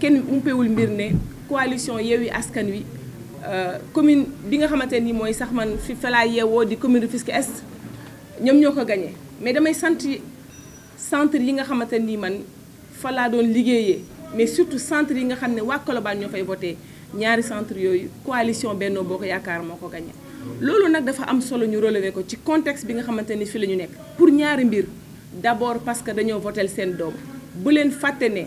kenn umpewul mbir ne coalition Yewwi Askan Wi euh, commune bi nga xamanteni moy sax man fi fala yeewoo di commune Rufisque Est ñoom ñoo gagné mais damay sant centre yi nga xamanteni man fala doon liggéeyee mais surtout centre yi nga xamné wa waa ñofay voter ñaari centre yoyu coalition Benno boko Yaakaar moko ko gagné. loolu nag dafa am solo ñu relever ko ci contexte bi nga xamanteni fi lañu nek pour ñaari mbir d'abord parce que dañu voter sen doom bu len faté né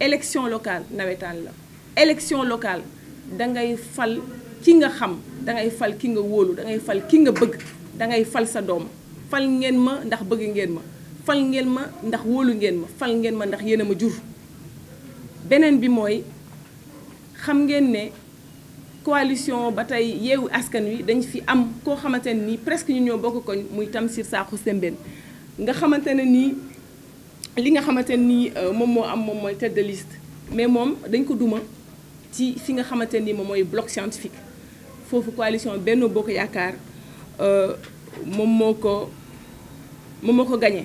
élection locale que la élection locale da ngay fal ki nga xam da ngay fal ki nga wolu da ngay fal ki nga bëgg da ngay fal sa doom fal ngeen ma ndax bëgg ngeen ma fal ngeen ma ndax wolu ngeen ma fal ngeen ma ndax yéen jur beneen bi xam ngeen coalition ba tey askan wi dañ fi am koo xamante presque ñu ñoo bokk koñ muy sir la nga xamante ni li nga xamante ni euh, moom moo am moom mooy tête de liste mais moom dañ ko duma ci fi nga xamante ni moom mooy bloc scientifique foofu coalition Benno Bokk Yaakaar euh, moom moo ko moom moo ko gagné.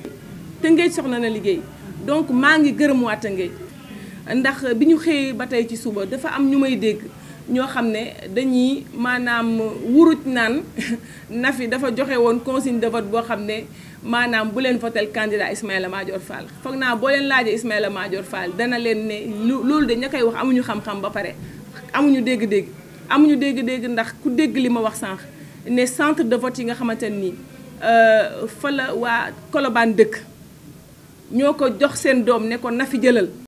Tëngéej soxna na liggéey donc maa ngi gërëm waa Tëngéej ndax bi ñu xëyee ba tey ci suba dafa am ñu may dégg. ñoo xam ne dañuy maanaam wuruj naan Nafi dafa joxe woon consigne de vote boo xam ne maanaam bu leen votel candidat Ismaïla Madior Fall foog naa boo leen laajee Ismaïla Madior Fall dana leen ne loolu de ña koy wax amuñu xam-xam ba pare amuñu dégg-dégg amuñu dégg-dégg ndax ku dégg li ma wax sànq ne centre de vote yi nga xamante ne nii euh, fa la waa Colobane dëkk ñoo ko jox seen doom ne ko Nafi jëlal